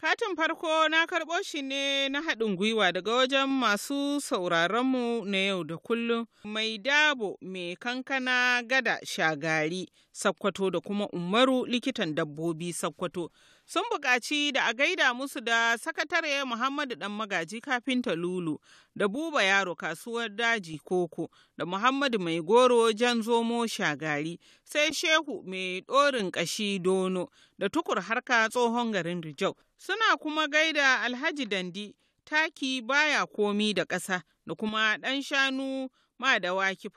Katin farko na karɓo shi ne na haɗin gwiwa daga wajen masu sauraronmu na yau da kullum mai dabo mai kankana gada shagari sakkwato da kuma umaru likitan dabbobi sakkwato sun buƙaci da a gaida musu da sakatare muhammadu dan magaji kafinta lulu da buba yaro kasuwar daji koko da muhammadu mai goro jan zomo shagari sai shehu mai ɗorin ƙashi dono da tukur harka tsohon garin rijau suna kuma gaida alhaji dandi taki baya komi da ƙasa da kuma ɗan shanu ma da waki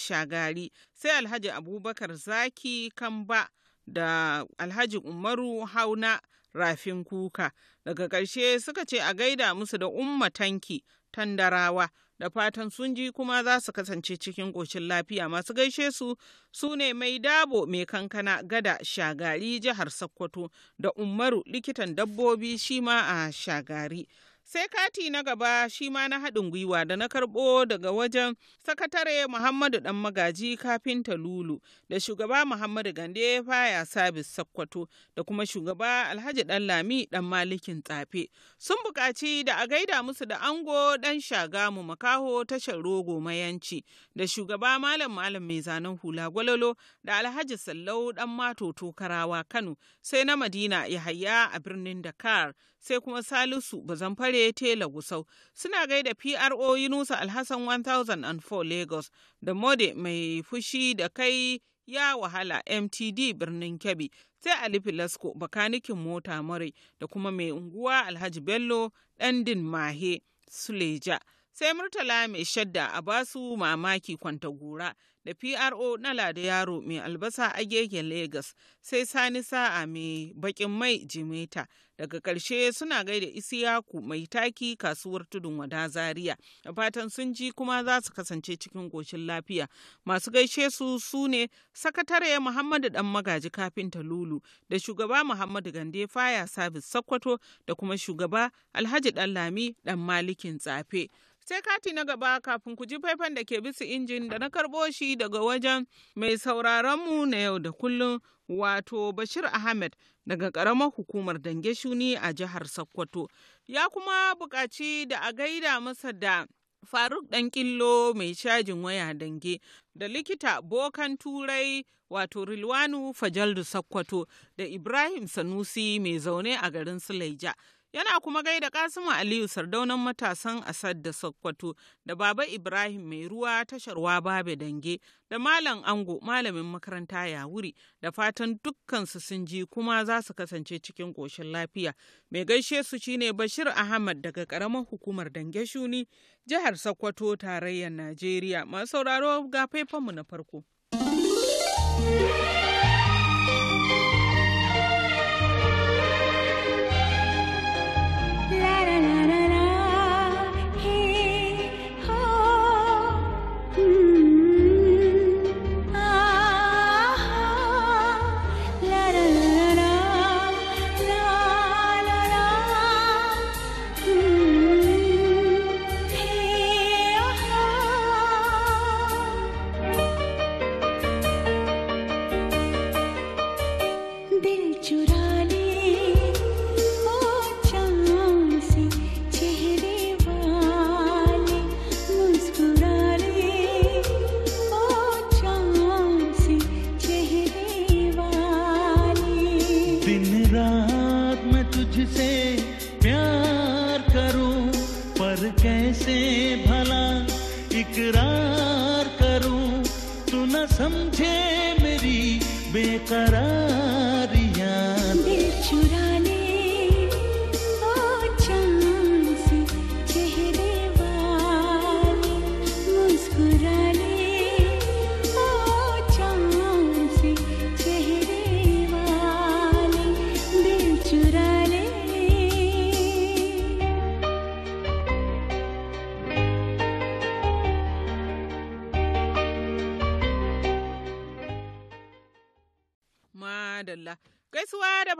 shagari sai alhaji abubakar zaki kamba da alhaji umaru hauna rafin kuka daga ƙarshe suka ce a gaida musu da umma tanki tandarawa da fatan sun ji kuma za su kasance cikin ƙoshin lafiya masu gaishe su su ne mai dabo mai kankana gada shagari jihar sokoto da umaru likitan dabbobi shima a shagari sai kati na gaba shi ma na haɗin gwiwa da na karɓo daga wajen sakatare muhammadu dan magaji kafin lulu da shugaba muhammadu gande faya sabis sakkwato da kuma shugaba alhaji dan lami dan malikin tsafe sun buƙaci da a gaida musu da ango dan shagamu makaho tashar rogo mayanci da shugaba malam malam mai zanen hula gwalolo da alhaji sallau dan mato tokarawa kano sai na madina yahaya a birnin dakar sai kuma Salisu Bazamfare Tela Gusau suna gaida PRO Yunusa Alhassan 1004 Lagos da Mode mai fushi da kai ya wahala MTD birnin Kebbi sai Ali Filasko bakanikin mota mare da kuma mai unguwa Alhaji Bello Dandin Mahe Suleja sai Murtala mai shadda a basu mamaki kwanta gora da PRO na Lada Yaro mai albasa a gegen Legas sai Sani Sa'a mai bakin mai Jimeta. Daga karshe suna gaida Isiyaku mai taki kasuwar tudun wada Zaria. Da fatan sun ji kuma za su kasance cikin goshin lafiya. Masu gaishe su su ne sakatare Muhammadu Dan Magaji Kafinta Lulu da shugaba Muhammadu Gande Faya Sabis Sakkwato da kuma shugaba Alhaji lami Dan Malikin Tsafe. Sai kati na gaba kafin ku ji faifan da ke bisa injin da na karbo shi daga wajen mai sauraronmu na yau da kullun, wato Bashir Ahmed daga ƙaramar hukumar Dange Shuni a jihar Sokoto. Ya kuma buƙaci da a gaida masa da Faruk ɗan ƙillo mai cajin waya dange da likita bokan turai wato Rilwanu Fajaldu Sokoto da Ibrahim Sanusi mai zaune a garin Sulaija Yana kuma gaida Kasimu Aliyu sardaunan matasan Asad da Sokoto da Baba Ibrahim mai ruwa tashar Babe Dange da Malam Ango malamin makaranta ya wuri da fatan dukkansu sun ji kuma za su kasance cikin ƙoshin lafiya. Mai gaishe su shine Bashir Ahmad daga karamar hukumar Dange Shuni jihar Sokoto tarayyar Najeriya. Masu sauraro ga faifanmu na farko.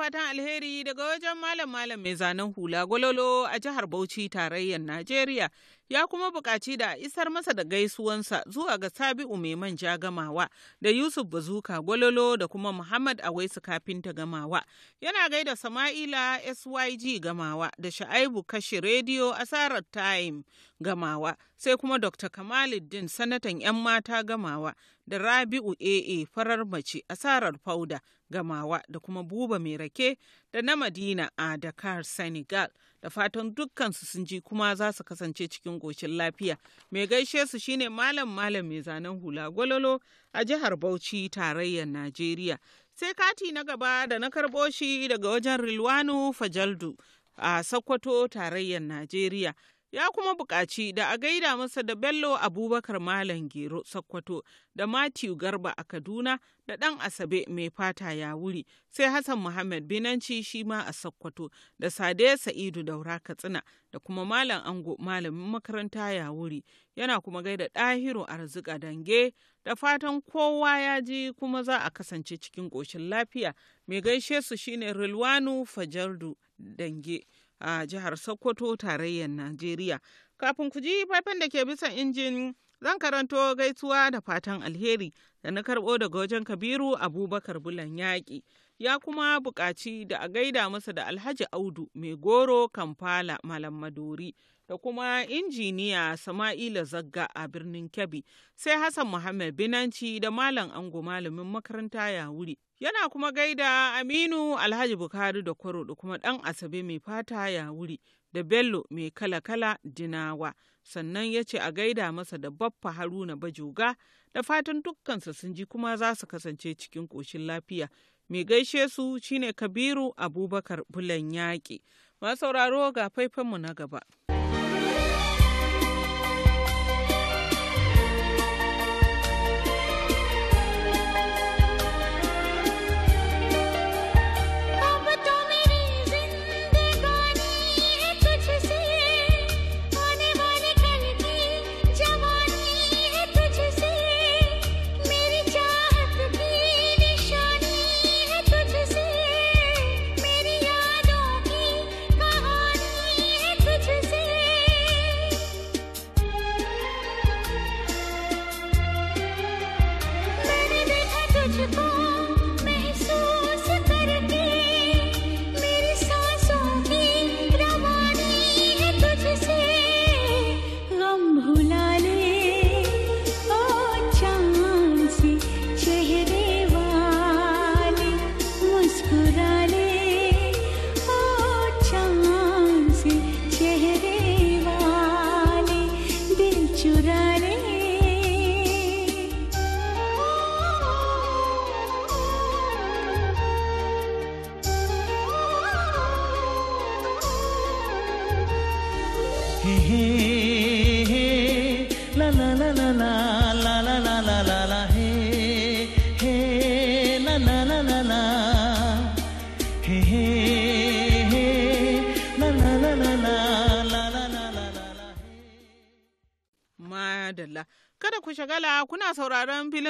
fatan alheri daga wajen malam malam mai zanen hula gwalolo a jihar Bauchi tarayyar Najeriya ya kuma buƙaci da a isar masa da gaisuwansa zuwa ga Sabi'u mai manja gamawa da Yusuf Bazuka gwalolo da kuma Muhammad Awaisu kafinta gamawa. Yana gaida Sama'ila SYG gamawa da Sha'aibu kashi rediyo Asarar Time gamawa sai kuma Dr. Kamaluddin sanatan 'yan mata gamawa da Rabi'u AA farar mace asarar fauda gamawa da kuma buba mai rake da na Madina a Dakar Senegal da fatan dukkansu sun ji kuma za su kasance cikin goshin lafiya. Mai gaishe su shine malam malam mai zanen hula gwalolo a jihar Bauchi tarayyar Najeriya. Sai kati na gaba da na karɓo shi daga wajen Rilwanu Fajaldu a Sokoto tarayyar Najeriya ya kuma buƙaci da a gaida masa da bello abubakar malam gero sokoto da matthew garba a kaduna da ɗan asabe mai fata ya wuri sai hassan muhammad binanci shi ma a sokoto da sade sa'idu daura katsina da kuma malam ango malamin makaranta ya wuri yana kuma gaida ɗahiru arzika dange da fatan kowa ya ji kuma za a kasance cikin ƙoshin lafiya mai gaishe su shine rilwanu fajardu dange a jihar Sokoto tarayyar Najeriya. Kafin ku ji faifan da ke bisa injin zan karanto gaisuwa da fatan alheri da na karɓo daga wajen Kabiru Abubakar Bulan Yaƙi. Ya kuma buƙaci da a gaida masa da Alhaji Audu mai goro Kamfala Malam madori. da kuma injiniya Sama'ila Zagga a birnin Kebbi, sai Hassan Muhammad Binanci da Malam Ango malamin makaranta ya wuri. Yana kuma gaida Aminu Alhaji Bukari da Kwaro da kuma ɗan Asabe mai fata ya wuri da Bello mai kala-kala dinawa. Sannan ya ce a gaida masa da Baffa Haruna Bajoga da fatan dukkansa sun ji kuma za su kasance cikin koshin lafiya. Mai gaishe su shine Kabiru Abubakar Bulan Yaƙi. Masu sauraro ga faifanmu na gaba.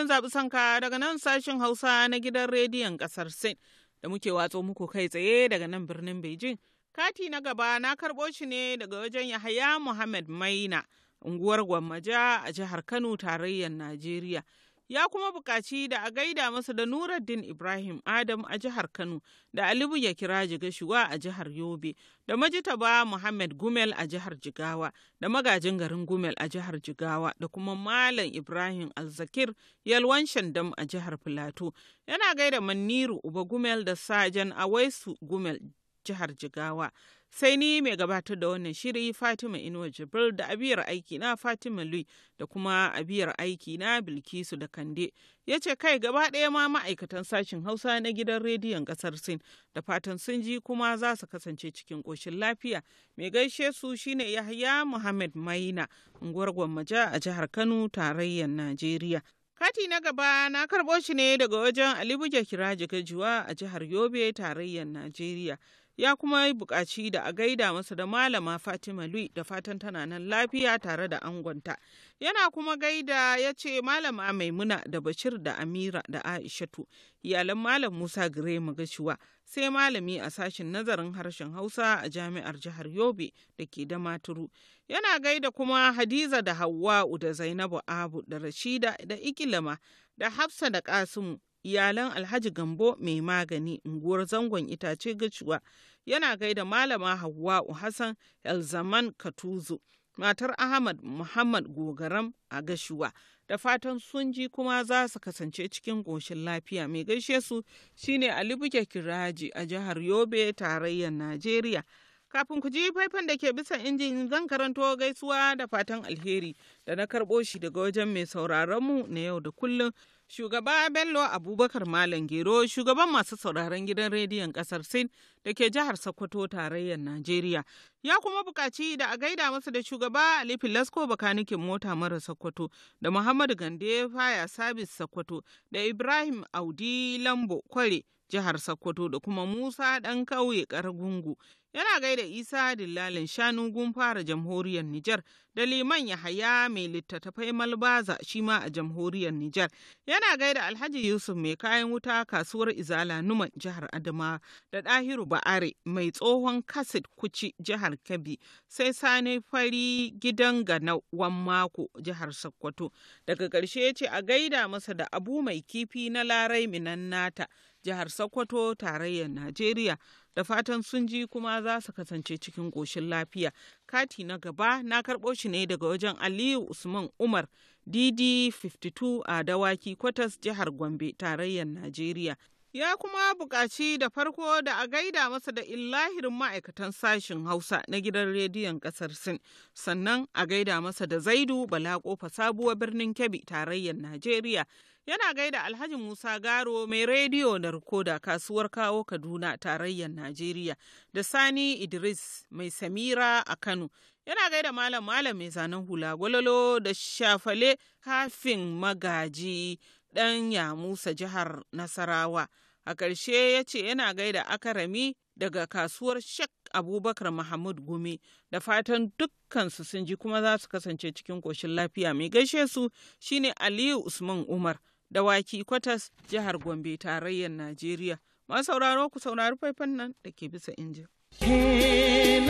shirin zaɓi sanka daga nan sashin Hausa na gidan rediyon ƙasar Sin da muke watso muku kai tsaye daga nan birnin Beijing. Kati na gaba na karɓo shi ne daga wajen Yahaya Muhammad Maina, unguwar Gwammaja a jihar Kano tarayyar Najeriya. ya kuma buƙaci da a gaida masa da Nuruddin Ibrahim Adam a jihar Kano da Alibu ya kira Jigashuwa a jihar Yobe da Majitaba Muhammad Gumel a jihar Jigawa da magajin garin Gumel a jihar Jigawa da kuma Malam Ibrahim Alzakir Yalwan Shandam a jihar Filato yana gaida Maniru Uba Gumel da Sajan Awaisu Gumel jihar Jigawa sai ni mai gabatar da wannan shiri fatima inuwa jibril da abiyar aiki na fatima lui da kuma abiyar aiki na bilkisu da kande ya ce kai gaba ɗaya ma ma'aikatan sashen hausa na gidan rediyon ƙasar sin da fatan sun ji kuma za su kasance cikin ƙoshin lafiya mai gaishe su shine yahya muhammad maina unguwar gwammaja a jihar kano tarayyar najeriya Kati na gaba na karɓo shi ne daga wajen alibu jakira Gajuwa a jihar Yobe tarayyar Najeriya. ya kuma yi buƙaci da a gaida masa da malama fatima lui da fatan tana nan lafiya tare da angonta yana kuma gaida ya ce malama maimuna da bashir da amira da aishatu iyalan malam musa gire magashiwa sai malami a sashen nazarin harshen hausa a jami'ar jihar yobe da ke da maturu yana gaida kuma hadiza da hawwa'u da zainabu abu da rashida da ikilama da hafsa da kasimu iyalan Alhaji Gambo mai magani unguwar zangon itace gaciwa yana gaida Malama Hauwa'u Hassan Elzaman Katuzu matar Ahmad Muhammad Gogaram a Gashuwa da fatan sunji kuma za su kasance cikin goshin lafiya mai gaishe su shine Ali Buke Kiraji a jihar Yobe tarayyar Najeriya. Kafin ku ji faifan da ke bisa injin zan karanto gaisuwa da fatan alheri da na karɓo shi daga wajen mai sauraronmu na yau da kullum Shugaba Bello Abubakar Malam Gero shugaban masu sauraron gidan rediyon kasar Sin da ke jihar Sokoto tarayyar Najeriya ya kuma buƙaci da a gaida masa da shugaba Ali Filasko bakanikin mota mara Sokoto da Muhammadu Gande Faya Sabis Sokoto da Ibrahim Audi Lambo Kware jihar Sokoto da kuma Musa ɗan ƙauye Karagungu yana gaida isa dillalin shanu gunfara jamhuriyar nijar da liman yahaya mai littattafai malbaza shi ma a jamhuriyar nijar yana gaida alhaji yusuf mai kayan wuta kasuwar izala numan jihar adama da dahiru ba'are mai tsohon kasid kuci jihar kebbi sai sani fari gidan ganawan mako jihar sokoto daga ƙarshe ce a gaida masa da abu mai kifi na larai minan nata jihar Sokoto tarayyar Najeriya da fatan sun ji kuma za su kasance cikin ƙoshin lafiya. Kati na gaba na karɓo shi ne daga wajen Aliyu Usman Umar DD 52 a Dawaki Kwatas jihar Gombe tarayyar Najeriya. ya kuma buƙaci da farko da a gaida masa da illahir ma'aikatan sashen hausa na gidan rediyon ƙasar sin sannan a gaida masa da zaidu bala kofa sabuwar birnin kebbi tarayyar najeriya yana gaida alhaji musa garo mai rediyo da rikoda kasuwar kawo kaduna tarayyar najeriya da sani idris mai samira a kano yana gaida malam malam mai zanen hula gwalolo da shafale kafin magaji ɗan Musa jihar nasarawa A ƙarshe ya ce yana gaida akarami daga kasuwar shek Abubakar Mahmud Gumi da fatan dukkansu sun ji kuma za su kasance cikin koshin lafiya mai gaishe su shine Aliyu Usman Umar da Waki Kwatas jihar Gombe tarayyar Najeriya. Ma sauraro ku saurari faifan nan da ke bisa injin. Hey,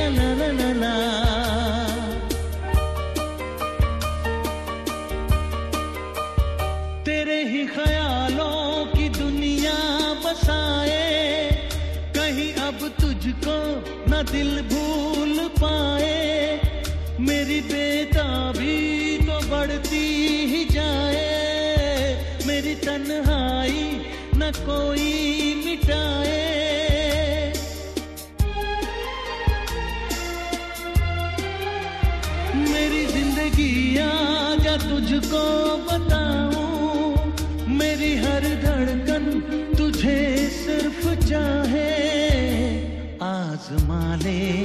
la, दिल भूल पाए मेरी भी तो बढ़ती ही जाए मेरी तन्हाई न कोई मिटाए रे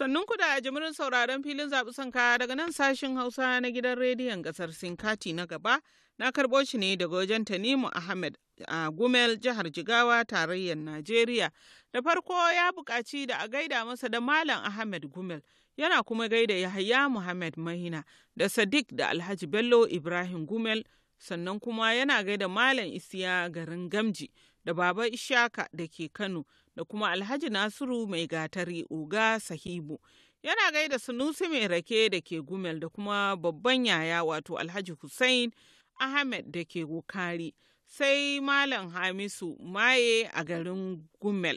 Sannun ku da jimirin sauraron filin zaɓi son kaya daga nan sashin Hausa na gidan rediyon ƙasar Sinkati na gaba na karɓo shi ne daga wajen Tanimu Ahmed a Gumel jihar Jigawa tarayyar Najeriya. Da farko ya buƙaci da a gaida masa da Malam Ahmed Gumel yana kuma gaida Yahaya Muhammad Mahina da Sadiq da Alhaji Bello Ibrahim Gumel sannan kuma yana gaida Malam Isiya garin Gamji da Baba Ishaka da ke Kano. da kuma Alhaji Nasiru mai gatari uga Sahibu. Yana gaida Sunusi mai rake da ke Gumel da kuma babban yaya wato Alhaji Hussein Ahmed da ke Wukari. Sai Malam Hamisu Maye a garin Gumel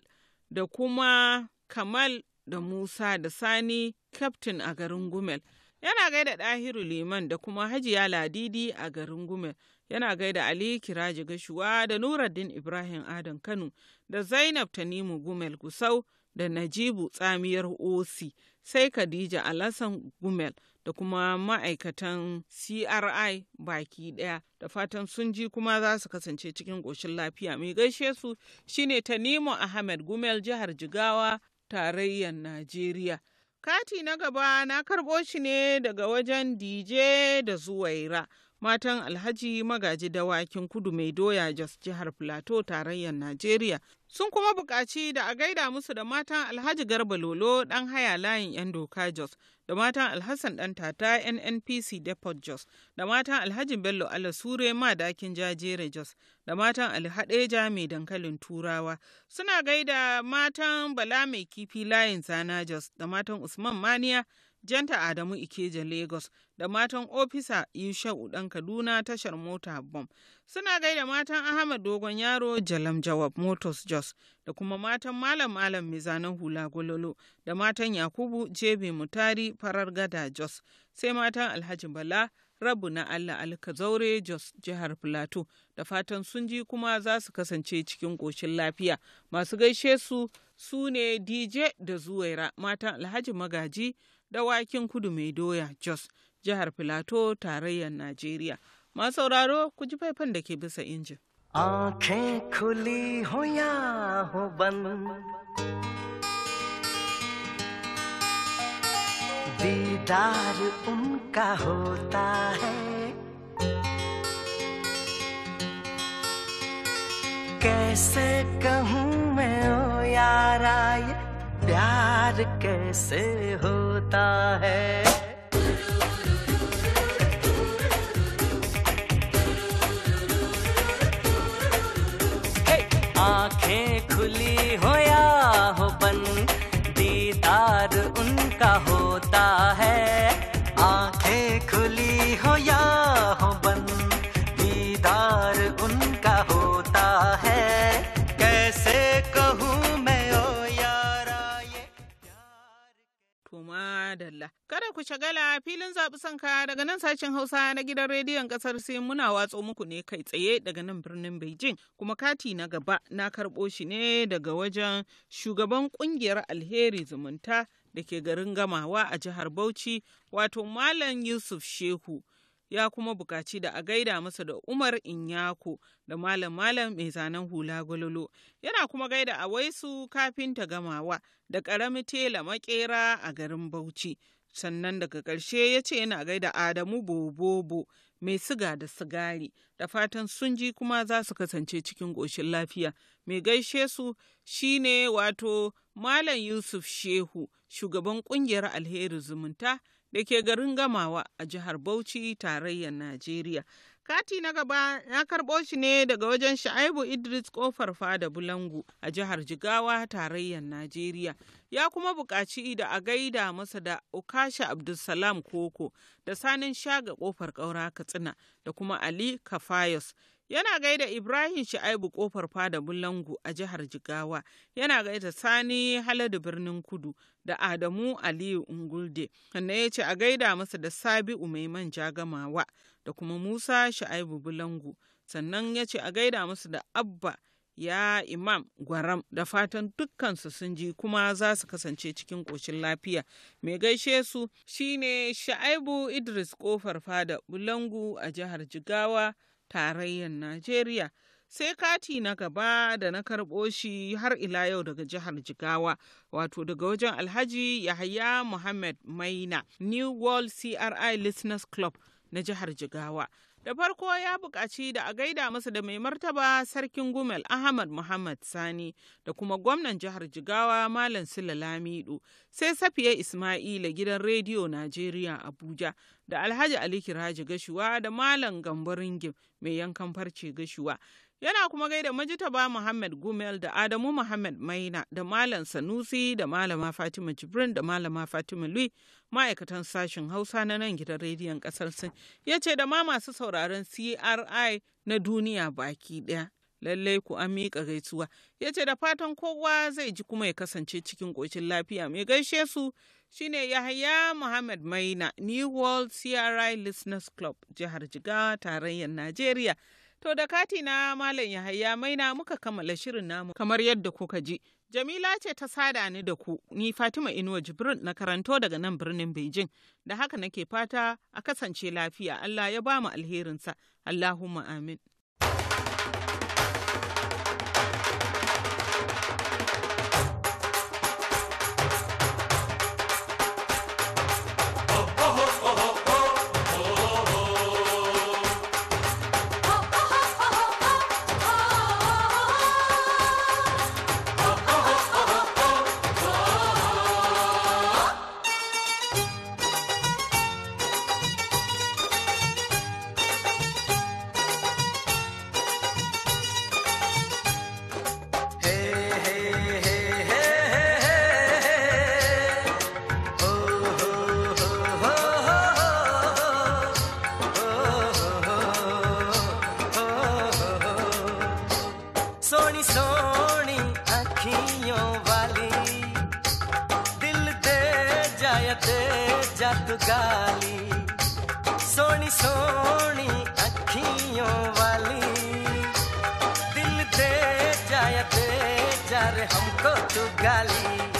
da kuma Kamal da Musa da Sani Captain a garin Gumel. Yana gaida Ɗahiru Liman da kuma Hajiya Ladidi a garin Gumel. yana gaida Ali Kiraji Gashuwa da Nuruddin Ibrahim Adam Kano da Zainab Tanimu Gumel Gusau da Najibu Tsamiyar Osi sai Khadija Alassan Gumel da kuma ma'aikatan CRI baki ɗaya da fatan sun ji kuma za su kasance cikin ƙoshin lafiya mai gaishe su shine Tanimu Ahmed Gumel jihar Jigawa tarayyar Najeriya. Kati na gaba na karɓo shi ne daga wajen DJ da Zuwaira. matan Alhaji Magaji Dawakin Kudu Mai Doya Jos Jihar Filato Tarayyar Najeriya sun kuma buƙaci da a gaida musu da matan Alhaji Garba Lolo ɗan haya layin 'yan doka Jos da matan Alhassan ɗan tata NNPC Depot Jos da matan Alhaji Bello Alasure Madakin Jajere Jos da matan Alhadeja Mai Dankalin Turawa suna gaida matan Bala Mai Kifi layin Zana Jos da matan Usman Maniya Janta Adamu Ikeja Lagos da matan ofisa Yusha'u ɗan Kaduna tashar mota bom. Suna gaida matan Ahmad Dogon Yaro Jalam Jawab Motors Jos da kuma matan Malam Malam Mizanan Hula Gololo da matan Yakubu Jebe Mutari Farar Gada Jos sai matan Alhaji Bala Rabu na Allah Alkazaure Jos jihar Filato da fatan sun ji kuma za su kasance cikin ƙoshin lafiya. Masu gaishe su su ne DJ da Zuwaira matan Alhaji Magaji da dawakin kudu mai doya Jos jihar Filato tarayyar Najeriya. Ma sauraro ku ji faifan da ke bisa injin. आंखें खुली हो या हो बंद दीदार उनका होता है कैसे कहूँ मैं ओ यार ये प्यार कैसे होता है आंखें खुली हो या हो बंद दीदार उनका होता है shagala filin zaɓi sanka daga nan sashen Hausa na gidan rediyon ƙasar sai muna watso muku ne kai tsaye daga nan birnin Beijing kuma kati na gaba na karɓo shi ne daga wajen shugaban ƙungiyar alheri zumunta da ke garin gamawa a jihar Bauchi wato Malam Yusuf Shehu. ya kuma bukaci da a gaida masa da Umar Inyako da Malam Malam mai zanen hula gololo. Yana kuma gaida a waisu kafin ta gamawa da ƙarami tela makera a garin Bauchi sannan daga ƙarshe ya ce yana gaida adamu bobobo mai siga da sigari da fatan sun ji kuma za su kasance cikin ƙoshin lafiya mai gaishe su shine wato malam yusuf shehu shugaban ƙungiyar alheri zumunta da ke garin gamawa a jihar bauchi tarayyar najeriya Kati na gaba ya karɓo shi ne daga wajen Sha'ibu Idris Kofar Fada Bulangu a jihar Jigawa tarayyar Najeriya. Ya kuma buƙaci da a gaida masa da Ukasha Abdulsalam Koko da Sanin Shaga Kofar Ƙaura Katsina da kuma Ali Kafayos. Yana gaida Ibrahim Sha'ibu Kofar Fada Bulangu a jihar Jigawa. Yana gaida Sani Haladu Birnin Kudu da Adamu Aliyu Ungulde. Sannan ya ce a gaida masa da Sabi'u Mai Manja Gamawa. da kuma Musa Sha'aibu Bulangu. Sannan ya ce a gaida musu da Abba ya Imam Gwaram da fatan dukkansu sun ji kuma za su kasance cikin ƙoshin lafiya. Mai gaishe su shine Sha'aibu Idris Kofar Fada Bulangu a jihar Jigawa, tarayyar Najeriya. sai kati na gaba da na karɓo shi har ila yau daga jihar jigawa wato daga wajen alhaji yahaya muhammad maina new world cri listeners club na jihar Jigawa. Da farko ya buƙaci da a gaida masa da mai martaba sarkin Gumel Ahmad Muhammad Sani da kuma gwamnan jihar Jigawa Malam Sula Lamidu, sai Safiya Ismaila gidan rediyo Najeriya Abuja da Alhaji Ali Kiraji Gashuwa da Malam Gambo mai yankan farce Gashuwa Yana kuma gaida Majitaba Muhammad Gumel da Adamu Muhammad Maina da Malam Sanusi da Malama Fatima Jibrin da Malama Fatima Lui ma'aikatan sashen Hausa na nan gidan rediyon kasar Sin. Ya ce da ma masu sauraron CRI na duniya baki ɗaya. lallai ku an miƙa gaisuwa ya ce da fatan kowa zai ji kuma ya kasance cikin ƙoshin lafiya mai gaishe su shine yahaya muhammad maina new world cri listeners club jihar jigawa tarayyar najeriya To da kati na Malam Yahaya maina muka kammala shirin namu kamar yadda kuka ji. Jamila ce ta sada ni da ku, ni Fatima Inuwa Jibril na karanto daga nan birnin Beijing. Da haka nake fata a kasance lafiya Allah ya ba mu alherinsa. Allahumma amin. हमको तू गाली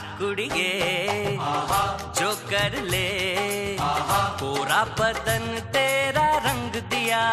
कुड़िए जो कर ले पूरा पतन तेरा रंग दिया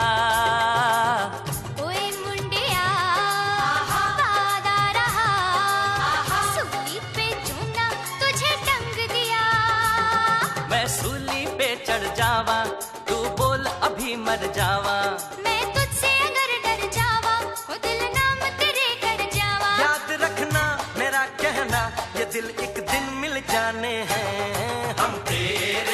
दिल एक दिन मिल जाने हैं हम तेरे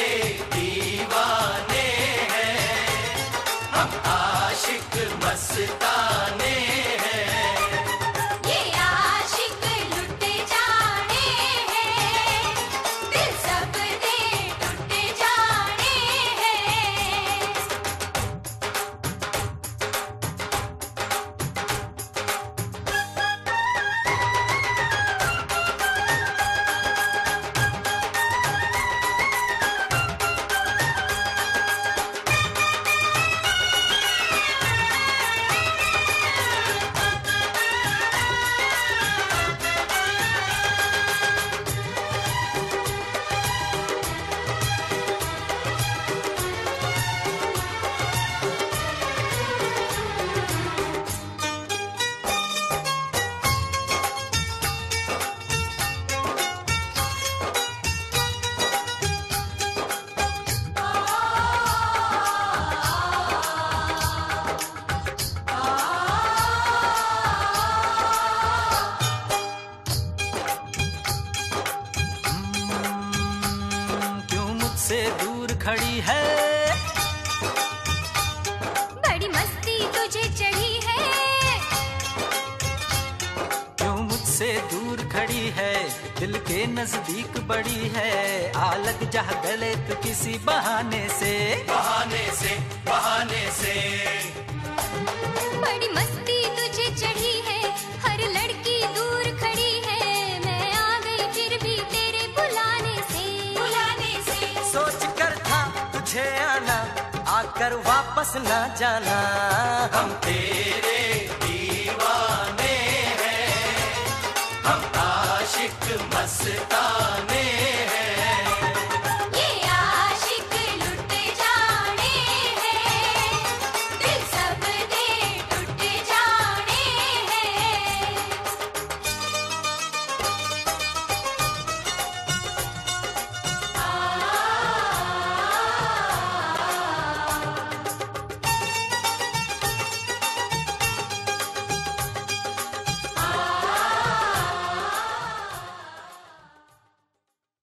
किसी बहाने से बहाने से बहाने से बड़ी मस्ती तुझे चढ़ी है हर लड़की दूर खड़ी है मैं आ गई फिर भी तेरे बुलाने से बुलाने से सोच कर था तुझे आना आकर वापस ना जाना हम तेरे दीवाने हैं हम आशिक मस्ताने